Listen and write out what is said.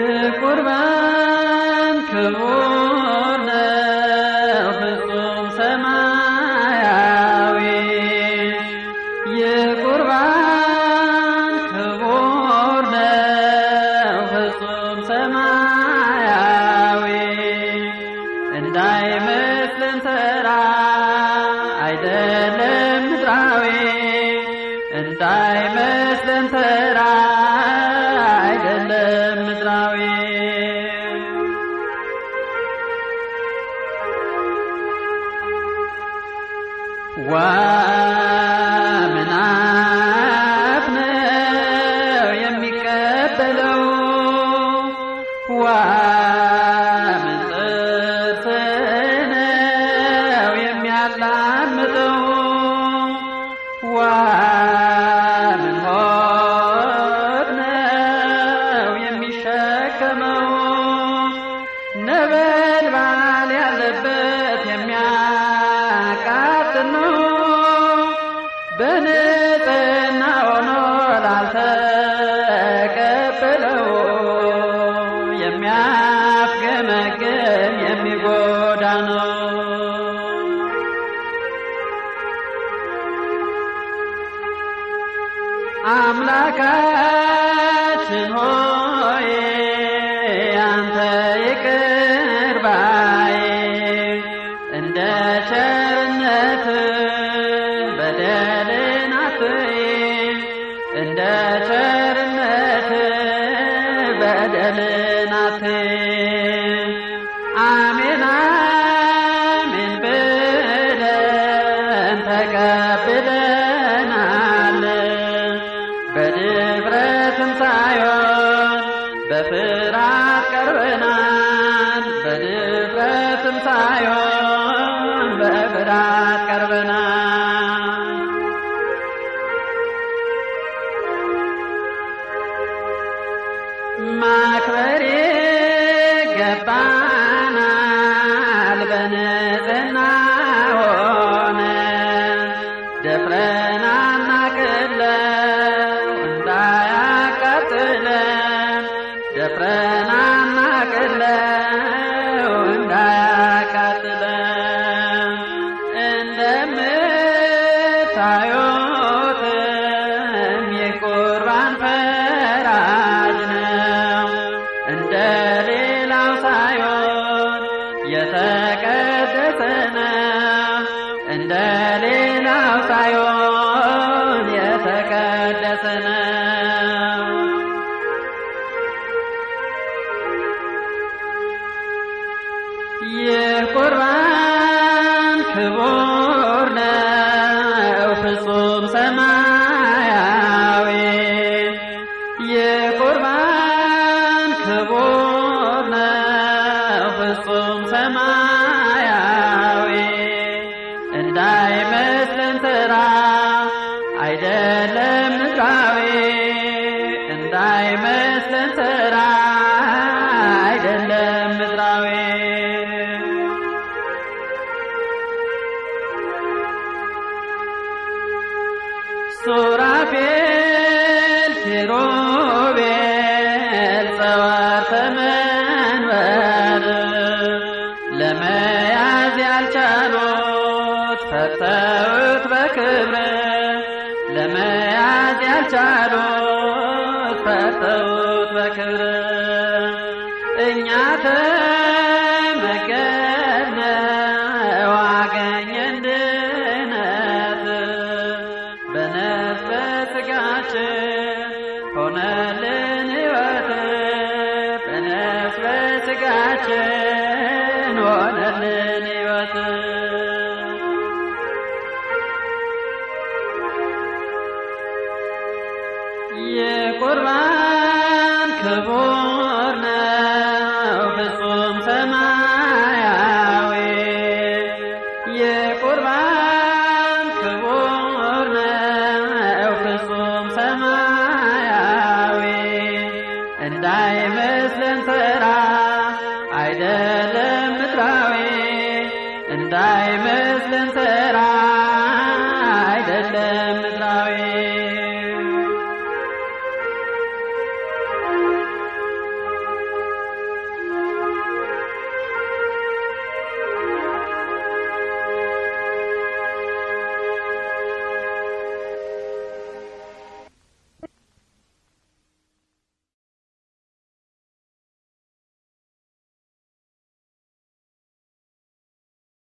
የቁርባን ክቡር ነው ፍጹም ሰማያዊ የቁርባን ክቡር ነው ፍጹም ሰማያዊ እንዳይመስለን ተራ አይደለም Why? मय ብስራት ቀርበናል በድፍረትም ሳይሆን በፍራት ቀርበናል። ማክበር የተቀደሰ ነው። ክቡር ነው፣ ፍጹም ሰማያዊ። ክቡር ነው፣ ፍጹም ሰማያዊ ሱራፌል ኪሩቤል ጸዋተ መንበር ለመያዝ ያልቻሉት ፈተውት በክብር ለመያዝ ያልቻሉት ፈተውት በክብር እኛ መዳናችን ሆነልን ሕይወት የቁርባን ክቡር ነው ፍጹም ሰማያዊ የቁርባን I'm